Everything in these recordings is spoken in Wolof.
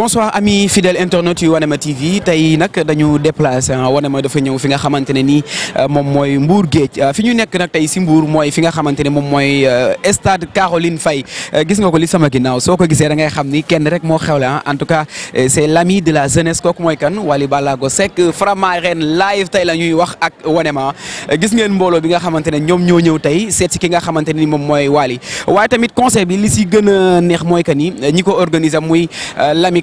bonsoir amis fidèles internautes yu Wanema TV tey nag dañu déplacé Wanema ne ni euh, moom mooy Mbour Géej euh, fi ñu nekk nag tey si Mbour mooy fi nga xamante ne moom mooy euh, stade Caroline Faye gis nga ko li sama ginnaaw soo ko gisee da ngay xam ni kenn rek moo xewle ah en tout cas c' est l' la jeunesse kooku mooy kan Waly Ballago Seck Framaren live tey la ñuy wax ak ma gis ngeen mbooloo bi nga xamante ne ñoom ñoo ñëw tey seet si ki nga xamante ne ni moom mooy Waly waaye tamit conseil bi li si gën neex mooy que ni ñi ko organiser muy l'ami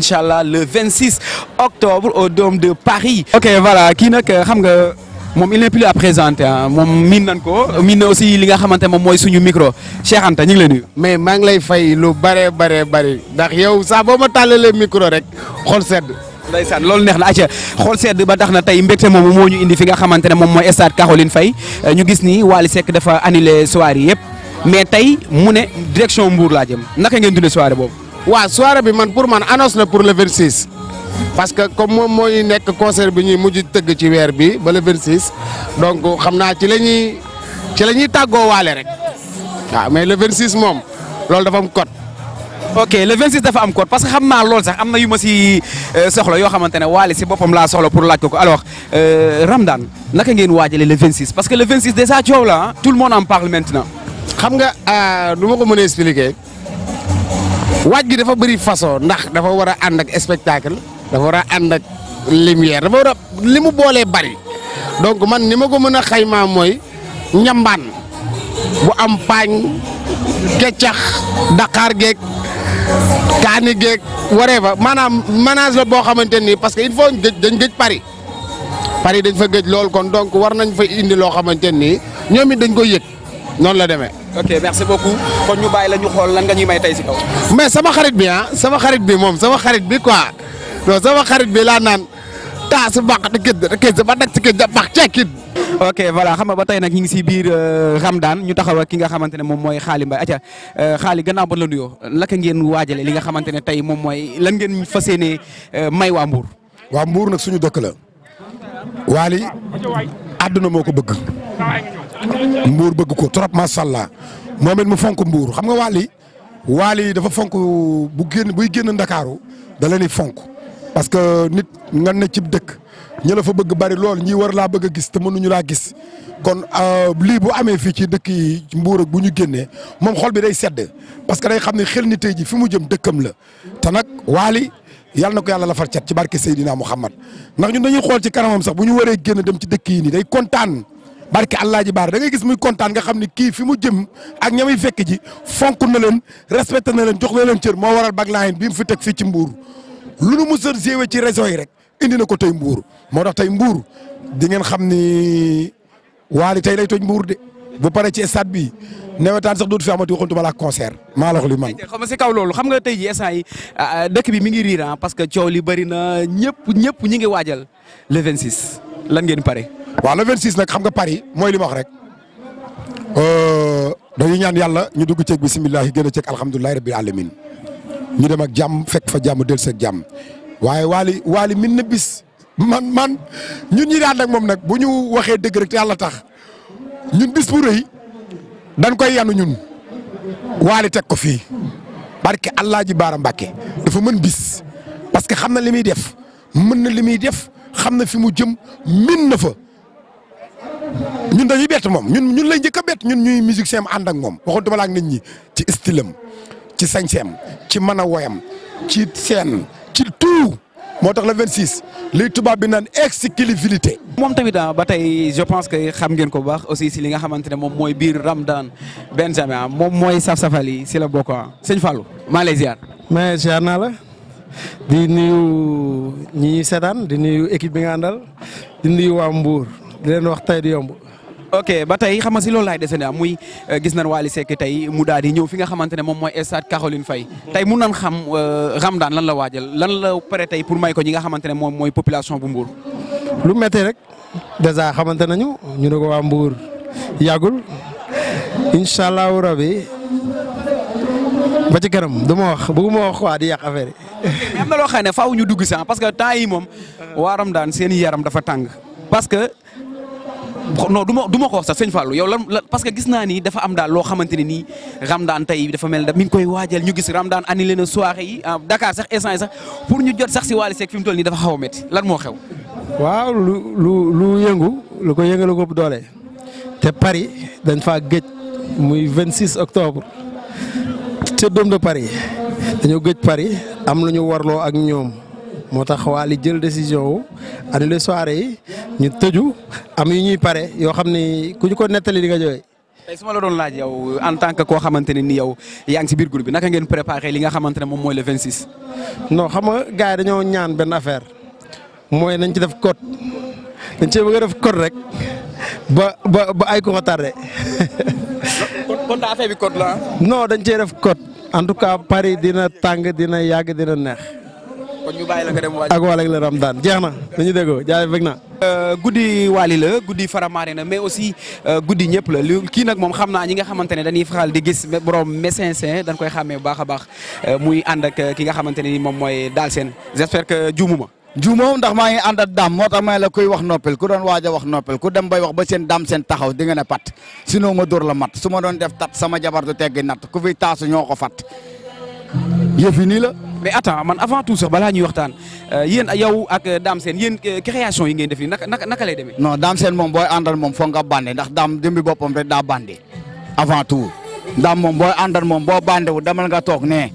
inchallah le 26 octobre au Dôme de Paris ok voilà qui nag euh, xam nga moom il est plus à présenter hein. ah moom miin nañ ko miin na aussi li nga xamante moom mooy suñu micro Cheikh Anta ñu ngi lay nuyu mais maa ngi lay fay lu bare bare bëri ndax yow saa boo ma tàllalee micro rek xol sedd ndeysaan loolu neex na acca xool sedd ba tax na tey mbégte moom moo ñu indi fi nga xamante ne moom mooy stade Caroline Faye euh, ñu gis ni Wally Seck dafa annulé soirée yëpp mais tey mu ne direction Mbour laa jëm naka ngeen dundee soirée boobu waaw soirée bi man pour annonce le pour le 26 parce que comme moom nekk concert bi ñuy mujj teug ci weer bi ba le 26 donc xamna ci la ci la ñuy tàggoo rek mais le 26 mom lool dafa am code. ok le 26 dafa am code parce que xam naa loolu sax am na yu ma si euh, soxla yoo xamante ne waale si boppam pour la ko Alors alors euh, Ramdan naka ngeen waajalee le 26 parce que le 26 déjà hein? tout le monde en parle maintenant. xam nga je euh, ma ko pas expliquer. waaj gi dafa bëri façon ndax dafa war a ànd ak spectacle dafa war a ànd ak lumière dafa war a li mu boolee bari donc man ni ma ko mën a xaymaa mooy ñambaan bu am paañ keccax daqaar geeg kaani geeg waree fa maanaam manage la boo xamante nii parce que il faut gëj dañ gëj Paris Paris dañ fa gëj lool kon donc war nañ fa indi loo xamante nii ñoom it dañ koy yëg noonu la demee ok merci beaucoup kon ñu bàyyi la ñu xool lan nga ñuy may tey si kaw. mais sama xarit bi ah sama xarit bi moom sama xarit bi quoi non sama xarit bi laa naan taas baax na kii da kii ba nag si kii da baax ceekit. ok voilà xam nga ba tey nag ñu ngi si biir xam euh, daan ñu taxaw ak ki nga xamante ne moom mooy Xaali Mbaye atia euh, Xaali gannaaw ba la nuyoo laka ngeen waajalee li nga xamante ne tey moom mooy lan ngeen fa yéenee euh, may waa Mbour. waa mbuur nag suñu dëkk la. Waly àdduna moo ko bëgg mbuur bëgg ko trop macha allah moom it mu fonk mbuur xam nga Wally Wally dafa fonk bu génn buy génn ndakaaru da fonk parce que nit nga ne cib dëkk ñu la fa bëgg bari lool ñi war laa bëgg a gis te mënuñu laa gis kon euh, lii bu amee fii ci dëkk yi mbuur ak bu ñu génnee moom xol bi day sedd parce que day xam ne xel ni tey ji fi mu jëm dëkkam la te nag Wally yàlla na ko yàlla la far cat ci barke Seydina Muhammad ndax ñun dañuy xool ci kanamam sax bu ñu waree génn dem ci dëkk yi nii day kontaan barke allah ji baar da ngay gis muy kontaan nga xam ni kii fi mu jëm ak ña muy fekk ji fonk na leen respecté na leen jox na leen cër moo waral baglaay bi mu fi teg fii ci mbuur lu nu mos a jéewee ci réseau yi rek indi na ko tey mbuur moo tax tey mbuur di ngeen xam ni waali tey lay tooj mbuur de. bu paree ci stade bi nawetaan sax dootu fi amati waxantuma la concert maa lox li man xam nga si kaw loolu xam nga tey ji instant yi ah, ah, dëkk bi mi ngi riir ah, parce que coow li bëri na ñëpp ñëpp ñi ngi waajal le 26 lan ngeen pare. waaw le nag xam nga Paris mooy li wax rek euh, dañuy ñaan yàlla ñu dugg ceeg bisimilah gën a ceeg alhamdulilah rabbil alamin ñu dem ak jàmm fekk fa jàmm dellu seeg jàmm waaye waali waali min na bis man man ñun ñi daan nag moom nag bu ñu waxee dëgg rek te yàlla tax. ñun bis bu rëy dañ koy yanu ñun waali teg ko fii barke allah ji baara Mbàkke dafa mën dis parce que xam na li muy def mën na li muy def xam na fi mu jëm min na fa ñun dañuy bett moom ñun ñun lay njëkk bett ñun ñuy musique seem ànd ak moom waxutuma la ak nit ñi ci stylam ci sañseem ci mën a woyam ci seen ci tout moo tax le 26 liy tubaab bi naan exclusivité. moom tamit ah, ba tey je pense que xam ngeen ko baax aussi si li nga xamante ne moom mooy biir Ramadan Benjamin ah, moom mooy saf-safal si la bokk ah sëñ Fallou maa lay ziar. mais ziar naa la di nuyu ñi ñuy di nuyu équipe bi nga àndal di nuyu waa di leen wax tey di yomb. ok ba tey xam nga si loolu laay desandi am muy euh, gis nañ Wally Seck tey mu daal di ñëw fi nga xamante ne moom mooy stade Caroline Faye tey mu nañ xam xam euh, daan lan la waajal lan la pare tey pour may ko ñi nga xamante ne moom mooy population bu Mbour. lu méttee rek dèjà xamante nañu ñu ne ko waa Mbour yàggul incha allahu rabi ba ci kanam du ma wax bëgguma wax waa di yàq affaire yi. am na loo xam ne faaw ñu dugg si ah, parce que temps yi moom waa daan seen yaram dafa tàng parce non du ma du ko wax sax sëñ Fallou yow lan lan parce que gis naa ni dafa am daal loo xamante ne nii Ramadane tey dafa mel da mi ngi koy waajal ñu gis Ramadane annulé na soirée yi ah, Dakar sax instant sax pour ñu jot sax si Wally Seck fi mu toll nii dafa xaw a métti lan moo xew. waaw lu lu lu yëngu lu ko yëngalu ko doole te Paris dañ faa géej muy 26 octobre te Dôme de Paris dañoo gëj Paris am lu ñu warloo ak ñoom moo tax Wally jël décision wu annulé soirée yi. ñu tëju am yu ñuy pare yo xam ni ku ñu ko nettali di nga jooy. tey su ma la doon laaj yow en tant que koo xamante ni yow yaa ngi si biir groupe bi naka ngeen préparé li nga xamante ne moom le 26. non xam nga gars yi ñaan benn affaire mooy nañ ci def code dañ bëgg def code rek ba ba ba ay ko ko tardé. kon daa affaire bi code la non dañ cee def code en tout cas Paris dina tàng dina yàgg dina neex. kon ñu bàyyi nga dem waaj. ak wàllug la Ramadan jeex na dañu déggoo jaay fekk na. Euh, guddi waali la guddi faramaare na mais aussi euh, guddi ñëpp la li kii nag moom xam naa ñi nga xamante ne dañuy faral di gis borom mécin dañ koy xàmmee bu baax a baax euh, muy ànd ki nga xamante ne ni moom mooy daal seen j'espère que juumuma juumoo ndax maa ngi ànd ak daam moo tax may la koy wax noppel ku doon waaja wax noppel ku dem bay wax ba seen daam seen taxaw di nga ne pat sinon ma dóor la mat su ma doon def tat sama jabar du teggi nat ku fi taasu ñoo ko fat yëf la mais attends avant tout sax balaa ñuy waxtaan euh, yeen yow ak euh, Dame sen yeen euh, création yi ngeen def nii naka lay non Dame sen mom boy andal mom nga bande ndax Dame dembi bande avant tout Dame mon boy andal mom bo bande wu damal nga tok nee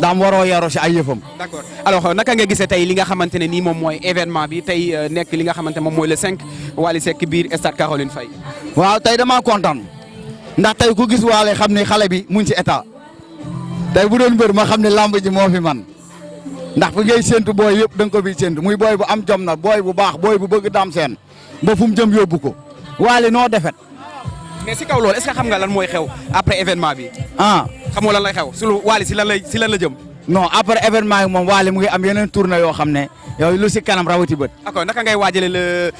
Dame waro yaro ci ay d'accord alors naka nga gissé tay li nga ni mom moy événement bi li nga le 5 stade Caroline waaw ndax ku day bu doon mbër ma xam ne làmb ji moo fi man ndax fi ngay séntu booy yëpp da nga ko fiy muy booy bu am jom na booy bu baax booy bu bëgg daam seen ba fu mu jëm yóbbu ko waale noo defet mais si kaw lool est xam nga lan mooy xew après événement bi ah xamoo lan lay xew su waali si lan lay si lan la jëm non après événement yi moom waale mu ngi am yeneen tournée yoo xam ne yooyu lu si kanam rawati bët d'accord naka ngay waajale le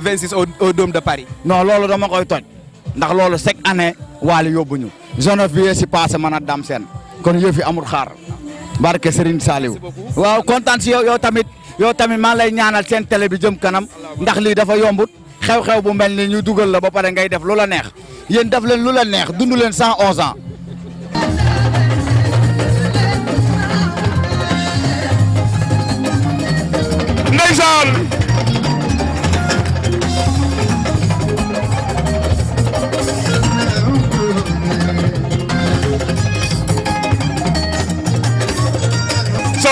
26 euh, au au Dôme de Paris non loolu dama koy toj ndax loolu chaque année waale yóbbuñu zone bi si passé mën a dam seen kon yeufi amul xaar barke Serigne saliw waaw kontaan ci yow yow tamit yow tamit ma lay ñaanal sen télé bi jëm kanam ndax li dafa yombut xew-xew bu melni ñu duggal la ba pare ngay def lula neex yéen def leen lula neex dund leen 111 ans. ndeysaan.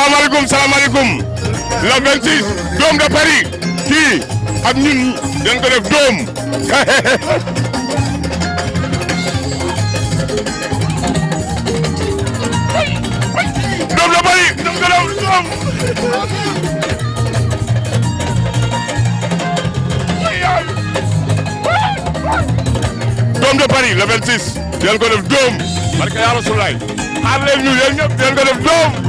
salaamaaleykum salaamaaleykum le 26 doom de Paris kii ak ñun dañ ko def doom. doom de Paris dañ doom. doom de Paris le 26 dañ ko def doom. parce yaa Rasulaay. xaar leen ñu yéen ñëpp